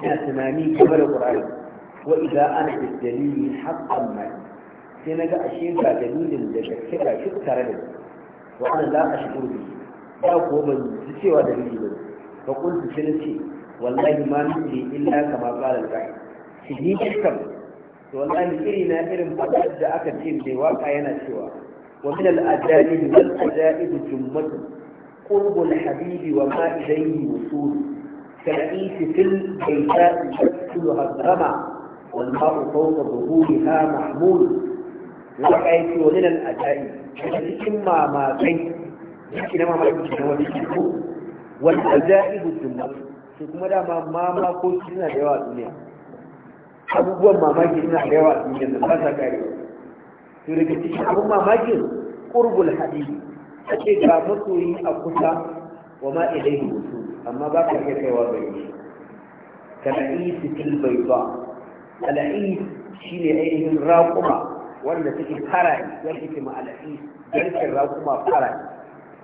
ina tunani game da qur'ani wa idza ana bidalili haqqan ma sai naga ashe ga dalilin da gaske ga shi tare da wa ana la ashkuru bi da ko ban ji cewa dalili ba fa qultu sai nace wallahi ma nufi illa kama qala al-qa'i shi ni kam to wallahi iri na irin fadar da aka ce mai waka yana cewa wa min al-ajaib wal ajaib jummatun قرب الحبيب وما إليه وصول كالعيس في البيتاء يقتلها الظمأ والماء فوق ظهورها محمول وقعت ومن الأجائب إما ما كي لكن ما ما يمكن أن يكون والأجائب الجملة ثم لا ما ما ما كنت لنا دواء الدنيا abubuwan mamaki suna da yawa a cikin da ba sa karewa to daga cikin abun mamakin qurbul hadisi a ce ga masoyi a kusa wa ma ilaihi amma ba ka iya kaiwa ba shi kana isi fil bayda al'is shi ne ainihin raƙuma wanda suke fara ya suke ma al'is raƙuma fara'i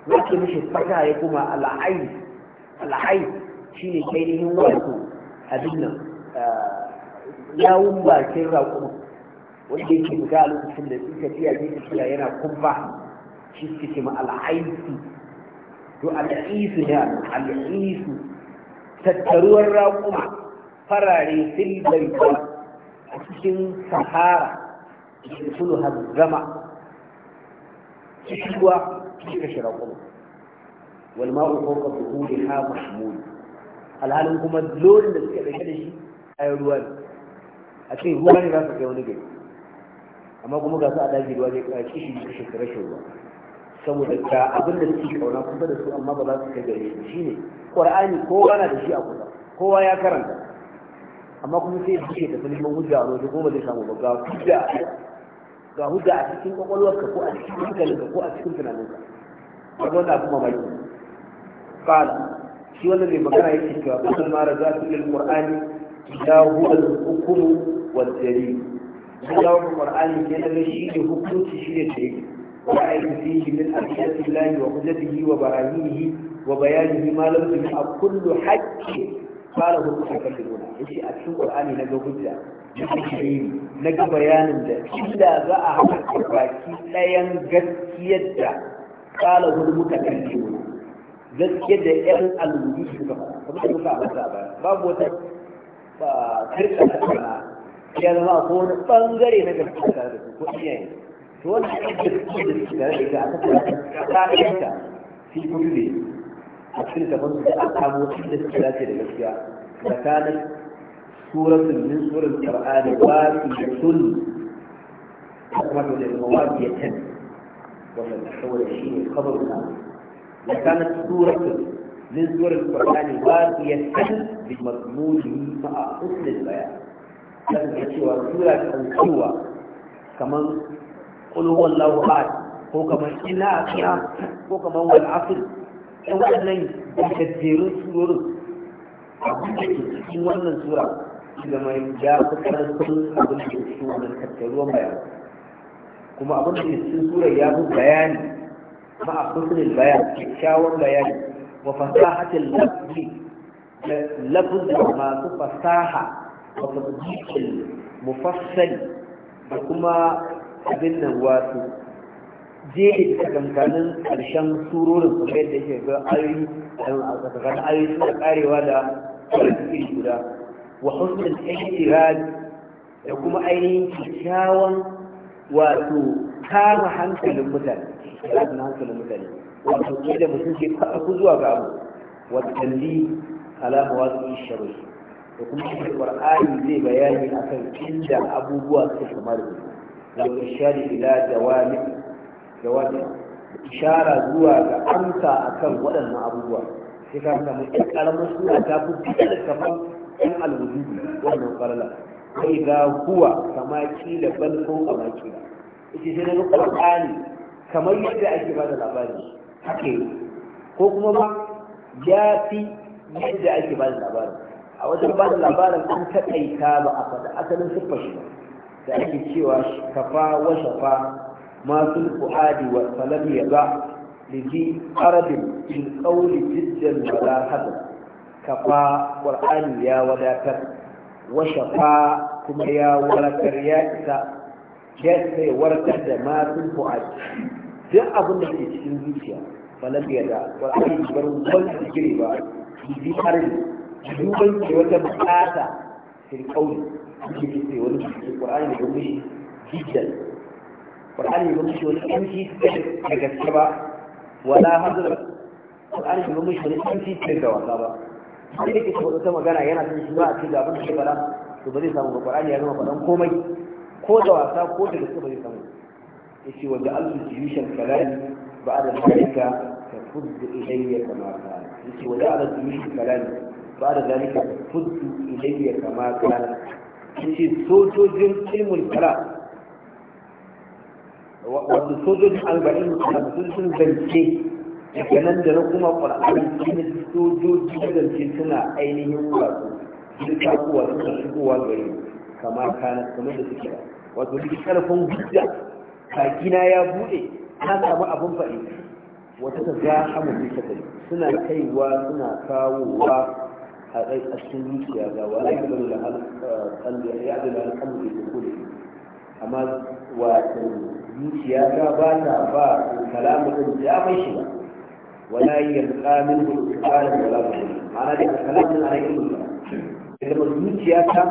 wacce mishi fata ya kuma al'ai shi ne ainihin wato abin nan eh, yawun bakin raƙuma wanda yake buga a lokacin da suka tafiya ne tafiya yana kumfa shi suke ma al'aisu to al'a'isu ne al'a'isu tattaruwar raƙuma farare silbar a cikin sahara da sulu hazzama cikin ruwa cikin kashe raƙon wani ma'u fawqa dhuhuri ha mahmud alhalin kuma lorin da suke ɗauke da shi a ruwa ne a cikin ruwa ne za su kai wani gari amma kuma ga su a daji ruwa ne a cikin shi kashe rashin ruwa saboda ga abin da suke kauna kusa da su amma ba za su kai gari shi ne ƙwar'ani kowa na da shi a kusa kowa ya karanta amma kuma sai ya buke tafi neman hujja a waje kuma zai samu ba ga hujja ga hujja a cikin kwakwalwarka ko a cikin hankalinka ko a cikin tunaninka kaga wannan abu mamaki qala shi wannan mai magana yake cewa kullum ma razatu lil qur'ani la huwa al hukmu wal dalil Allah Qur'ani ke da shi ne hukunci shi ne tare wa ayatu fihi min ayati Allah wa hujjatihi wa barahinihi wa bayanihi ma lam yusab kullu haqqin قال هو متكلمون يجي أكشن قرآني نجا هجة يجي نجا بيان ده إلا ذا أحد باكي لا ينجد يدع قال هو متكلمون gaskiya da yan alubu su gaba kuma su ka masa ba babu wata karka ta kana ya zama ko wani bangare na gaskiya tare da su ko iyaye to wannan gaskiya da su tare da ita a kasar ta ta ta fi kudu a cikin gaban su da an kamo da suka dace da gaskiya tsakanin suratun min surin qur'ani waqiyatun kuma da zama waqiyatan wannan saboda shi ne kabarin na tsakanin suratun min surin qur'ani waqiyatan bi mazmuni ma'a uslil bayan kan da cewa sura kan cewa kamar qul huwallahu ahad ko kamar ina Akira, ko kamar wal asr ɗan waɗannan gajejjerun surorin abin da cikin wannan sura da mai ya fi ƙarfin abin da ke cikin wannan tattaruwan bayan kuma abin da ke cikin ya fi bayani ma a kusurin bayan kyakkyawan bayani wa fasahatin lafi lafuzza masu fasaha wa fasjikin mufassali da kuma abin nan wato jere da kankanin ƙarshen surorin su yadda yake ga ayoyi a tsakanin ayoyi suna karewa da ƙarfi guda wa husnul ihtiraj da kuma ainihin kyakkyawan wato kama hankalin mutane kama hankalin mutane wato ke da mutum ke faɗa ku zuwa ga abu wa talli alama wasu shabai da kuma shi qur'ani zai bayani a kan inda abubuwa suka kamar da wa irshadi ila jawami jawabi ishara zuwa ga amsa akan waɗannan abubuwa sai ka samu ɗan ƙaramin suna ta fi da kamar ɗan alwujudu wannan farla sai ga huwa kama kila bal ko kama kila ita sai na ga ƙwarƙani kamar yadda ake ba da labari haka yi ko kuma ma ya fi yadda ake ba da labarin a wajen ba da labarin an taƙaita ba a faɗa asalin siffar shi da ake cewa kafa wa shafa masu fuhadi wa salam ya ba da ji arabin in kauli jijjan wada hada kafa ƙwar'ani ya wadatar washa fa kuma ya warkar ya isa ya isa ya warkar da masu fuhadi duk abin da ke cikin zuciya falam ya da ƙwar'ani ya bar wani jigiri ba da ji arabin duban ke wata bukata sai kauli a cikin wani jigiri ƙwar'ani ya wuce jijjan qur'ani ba shi wani kanci da gaske ba wala hadra qur'ani ba mushi wani kanci da wasa ba sai da kike wata magana yana son shi ba a cikin abin da ke fara to ba zai samu ba qur'ani ya zama fadan komai ko da wasa ko da gaske ba zai samu yace wa ja'altu jiyushan kalami ba'da dhalika tafuddu ilayya kama kana yace wa ja'altu jiyushan kalami ba'da dhalika tafuddu ilayya kama kana ce sojojin ilmul kalam wato sojojin alba'in da sun zance daga nan da na kuma ƙwararrun cikin sojoji zance suna ainihin wato duka kuwa suna shigowa gari kama kana kamar da suke wato duk karfin gudda, kakina ya bude na samu abin faɗi wata ta ga amince ta gari suna kaiwa suna kawowa a cikin zuciya ga wani kamar da alƙalmi eh, ya da alƙalmi da kuma amma wato zuciya ta ba ta ba kalamu din damar shi ba wala yalqa minhu da wala ana da kalamu ana yin ba da zuciya ta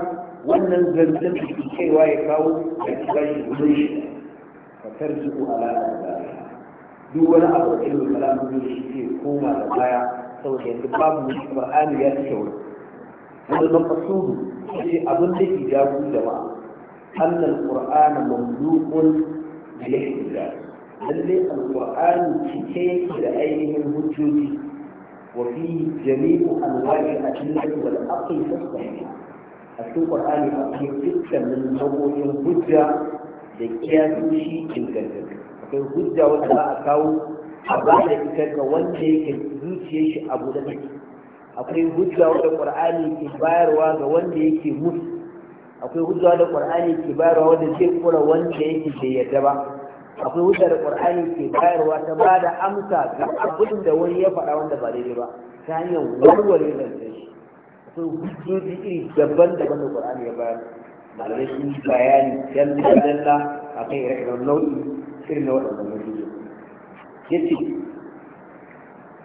wannan zanzan da ke cewa ya kawo da kiba shi gudun shi ka tarjiku ala duk wani abu da ilmin kalamu din shi ke koma da baya saboda yanzu babu wani qur'ani ya ce wani wani maqsudu shi abin da ke jago jama'a annal qur'ana mamluqun bilhidda lalle alqur'ani cike yake da ainihin hujjoji wa fi jami'u a al-adillati wal aqli tasbihi a cikin qur'ani akwai dukkanin nau'o'in hujja da kiyasoshi ingantattu akwai hujja wanda za a kawo a ba da ita ga wanda yake zuciyar shi abu da take akwai hujja wanda qur'ani ke bayarwa ga wanda yake musu akwai hujja da qur'ani ke bayarwa wanda zai kura wanda yake bai yarda ba akwai hujja da qur'ani ke bayarwa ta ba da amsa ga abin da wani ya faɗa wanda ba daidai ba ta hanyar warware zancen shi akwai hujjoji iri daban-daban da qur'ani ya bayar malamai sun yi bayani dalla dalla akan ire-iren nau'i irin na waɗannan hujjoji yace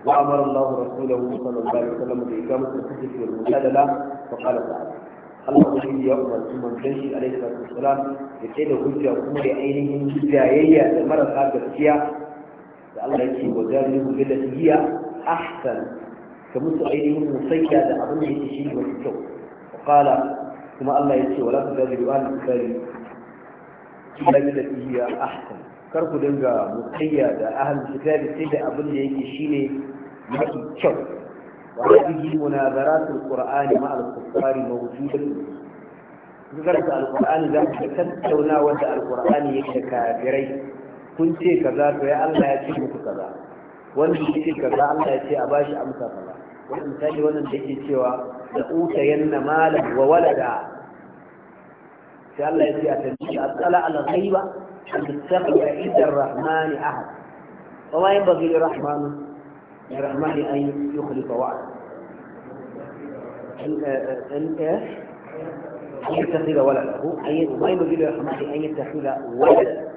وأمر da رسوله صلى da عليه وسلم بإقامة الحجة والمجادلة فقال تعالى Allah shi ya umarci manzon shi alaihi salatu wassalam ya ce da hujja kuma da ainihin jayayya da marasa gaskiya da Allah yake wa jarihu bil hiya ahsan ka musu ainihin musayya da abin da yake shi ne mafi kyau kala kuma Allah ya ce wa yake wala tujadilu an kari illa bil hiya ahsan kar ku dinga musayya da ahlul kitabi sai da abin da yake ne mafi kyau وهذه مناظرات القرآن مع الكفار موجودة ذكرت القرآن ذاك تتونا ود القرآن يكافرين kun ce kaza to ya Allah ya ce muku kaza wanda ya ce kaza Allah ya ce a bashi amsa kaza wannan misali wannan da yake cewa da uta yanna malan wa walada sai Allah ya ce a asala الرحمن أن يخلف وعده أن أن يتخذ ولدا هو ما ينبغي الرحمن أن يتخذ ولد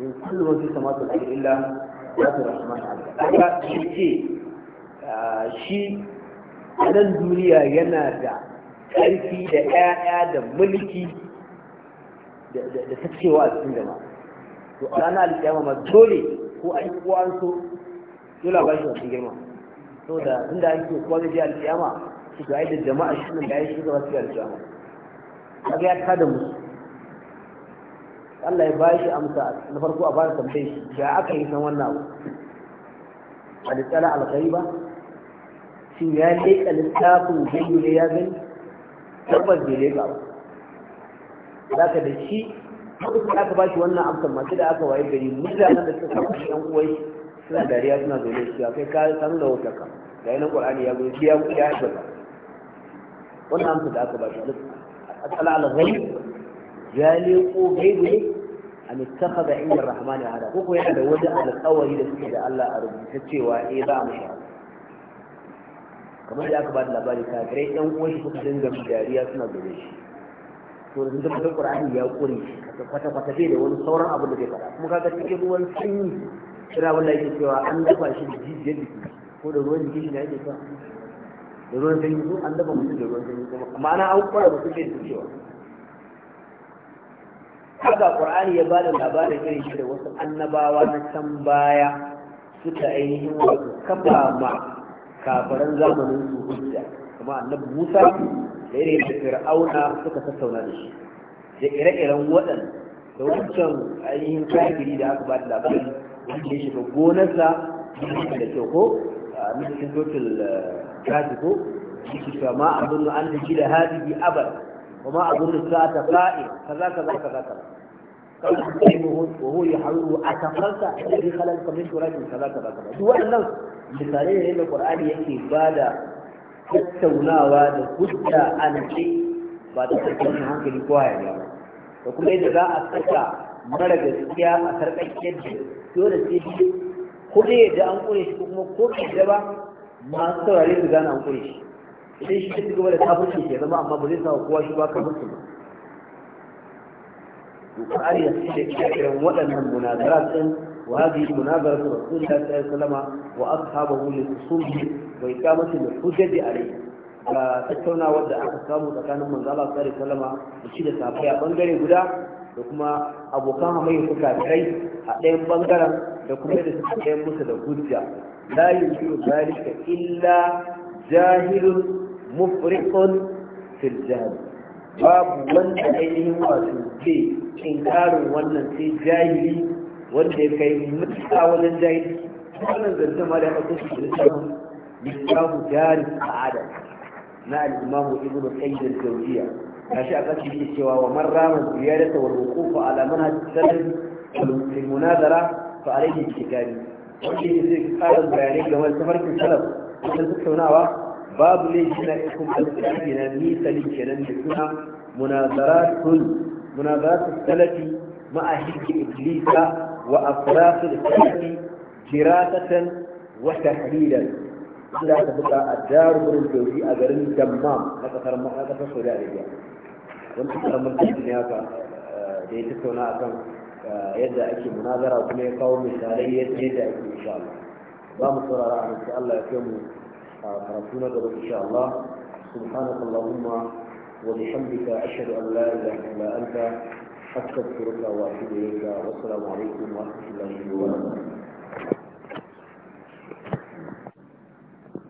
من كل من في السماوات والأرض إلا ذات الرحمن عبدا هذا شيء شيء آه، أن الدنيا ينادى yana da ƙarfi da ƴaƴa da mulki da ta وأنا a cikin jama'a هو أي ranar dole ba shi wasu girma saboda inda ake kowa zai je alkiyama su ga da jama'a shi nan da ya shi gaba su ga alkiyama kaga ya kada musu Allah ya ba shi amsa na farko a fara tambaye shi ya aka yi san wannan abu alisala alghaiba shin ya leƙa littafin gaibu ne ya gani tabbas bai leƙa ba za ka da shi duk aka ba shi wannan amsar masu da aka waye gari mutanen da suka samu shi yan uwai suna dariya suna zaune shi kai ka san da wata ka ga yanar qur'ani ya gudu ya gudu ya shiga wannan amsa da aka ba shi asala al ghaib ya leko gaibe an ittakhadha inda rahman hada ko ko yana da wani alƙawari da suke da Allah a rubuta cewa eh za mu shi kamar da aka ba da labari kafirai ɗan uwan shi suka dinga dariya suna zaune shi to da zama da qur'ani ya kure shi kwata kwata bai da wani sauran abu da zai faɗa kuma kaga cikin ruwan sanyi kira wanda yake cewa an dafa shi da jijiyar jiki ko da ruwan jiki shi ne ake cewa da ruwan sanyi ko an dafa mutum da ruwan sanyi kuma na an kwara mutum da su cewa haka qur'ani ya bada labarin irin shi da wasu annabawa na can baya suka ainihin wato kafa ma kafaran zamanin su hujja kuma annabi Musa da irin da Fir'auna suka tattauna da shi da ire-iren waɗanda da wancan ainihin kafiri da aka ba da labarin wanda ya shiga gonarsa da teku a mitin total trafiko ya shi ta ma abinu an da gida hadi bi وهو يحرر أتفرس الذي من قرآن من كذا كذا كذا دواء النفس القرآن يأتي بعد حتى وناوى حتى أنشي بعد حتى أنشي هنك لكوها يعني وكما إذا جاء أتفرس mara gaskiya a sarƙaƙƙen jin yau da shi kuɗe da an ƙure shi kuma ko ke ba masu saurare su gane an ƙure shi idan shi ta gaba da shi ke zama amma ba zai sa kowa shi ba ka su ba bukari ya fi shekara irin waɗannan munazara sun wazi munazara su rasu da ta yi salama wa aka haɓa wuli su sun bi bai kamata da hujjar a rai ga tattaunawar da aka samu tsakanin manzala sari salama da shi da safiya ɓangare guda da kuma abokan hamayya su kai a ɗayan bangaren da kuma yadda suka ɗayan musu da hujja la yusiru zalika illa jahilun mufriqun fil jahl babu wanda ainihin wasu ke inkarin wannan sai jahili wanda ya kai mutuka wajen jahili wannan zancen ma da ya ɗauko shi da yi lissafu jari sa'ada na al'imamu ibnu qayyim al-jawziya أشياء التي بالاستواء ومرة من زيادة والوقوف على منهج السلف في المناظرة فعليه الاتكال وفي ذلك قال البيانين لما السفر في السلف مثل تكتبنا باب ليجنا إكم الاتكالنا ميسا لجنا لكنا مناظرات كل مناظرات السلف مع هيك إبليسا وأطراف السلف جراسة وتحليلا لا تبقى الدار من الجوزي أجرني تمام لا تفرمها لا تفرمها wani karamin tafi ne haka eh, da ya tattauna akan eh, yadda ake munazara kuma ya kawo misalai yadda ake insha Allah za mu saurara a nan Allah ya kai mu karatu na gaba insha Allah سبحانك اللهم وبحمدك أشهد أن لا إله إلا أنت أستغفرك وأتوب إليك والسلام عليكم ورحمة الله وبركاته